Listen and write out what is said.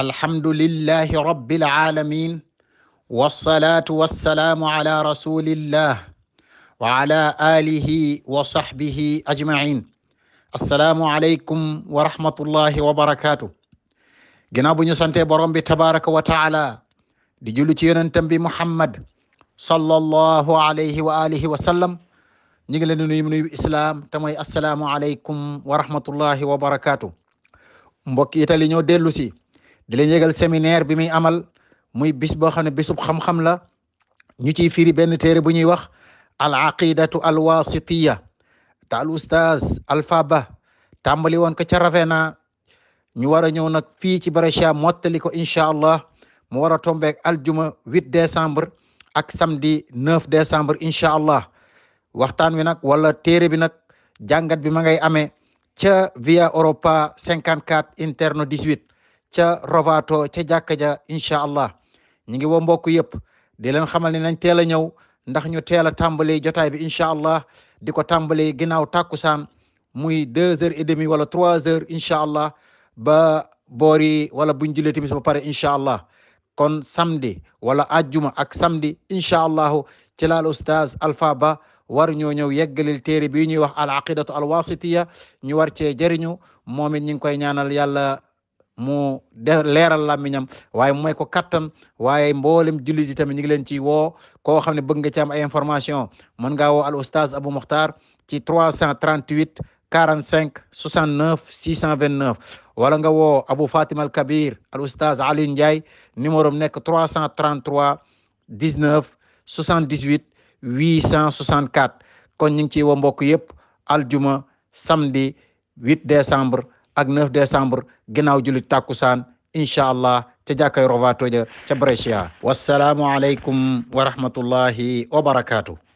الحمد لله رب العالمين والصلاه والسلام على رسول الله وعلى اله وصحبه اجمعين السلام عليكم ورحمه الله وبركاته ginnaaw bu ñu santee borom bi tabaraka wa taala di julli ci yonentam bi muhammad sallallahu alayhi wa alihi wa sallam ñu ngi leen di nuyu nuyu islam te mooy asalaamu aleykum wa rahmatullahi wa barakaatu mbokk yi tali ñoo dellu si di leen yëgal séminaire bi muy amal muy bis boo xam ne bisub xam-xam la ñu ciy firi benn téere bu ñuy wax al aqidatu al wasitiya te al ustaaz Alpha Ba tàmbali woon ko ca Ravena ñu war a ñëw nag fii ci mottali ko allah mu war a aljuma 8 décembre ak samedi 9 décembre incha allah waxtaan wi nag wala téere bi nag jàngat bi ma ngay amee ca Via Europa 54 interno 18 ca Rovato ca jàkka ja incha allah ñu ngi wo mbokk yëpp di leen xamal ni nañ teel a ñëw ndax ñu teel a tàmbali jotaay bi incha allah di ko tàmbali ginnaaw tàkkusaan muy deux heures et demie wala trois heures incha allah ba boori wala buñ jullee timis ba pare incha allah kon samedi wala ajjuma ak samedi incha allahu ci laal oustaz Alpha Ba war ñoo ñëw yeggalil téere bi ñuy wax al aqidatu al wasitiya ñu war cee jëriñu moom it ngi koy ñaanal yàlla mu de leeral làmmiñam waaye mu may ko kattan waaye mboolem jullit yi tamit ñu ngi leen ci woo koo xam ne bëgg nga ci am ay information mën ngaa woo al oustaz Abou Mokhtar ci 338 45 69 629 wala nga woo abu Fatima al Kabir al oustaz Ali Ndiaye numéro am nekk 333 19 78 864 kon ñu ngi ciy woo mbokk yëpp aljuma samedi 8 décembre ak 9 décembre ginnaaw julli tàkkusaan incha allah ca jàkkay Rovatodia ca Brescia wasalaamu wa rahmatullahi wa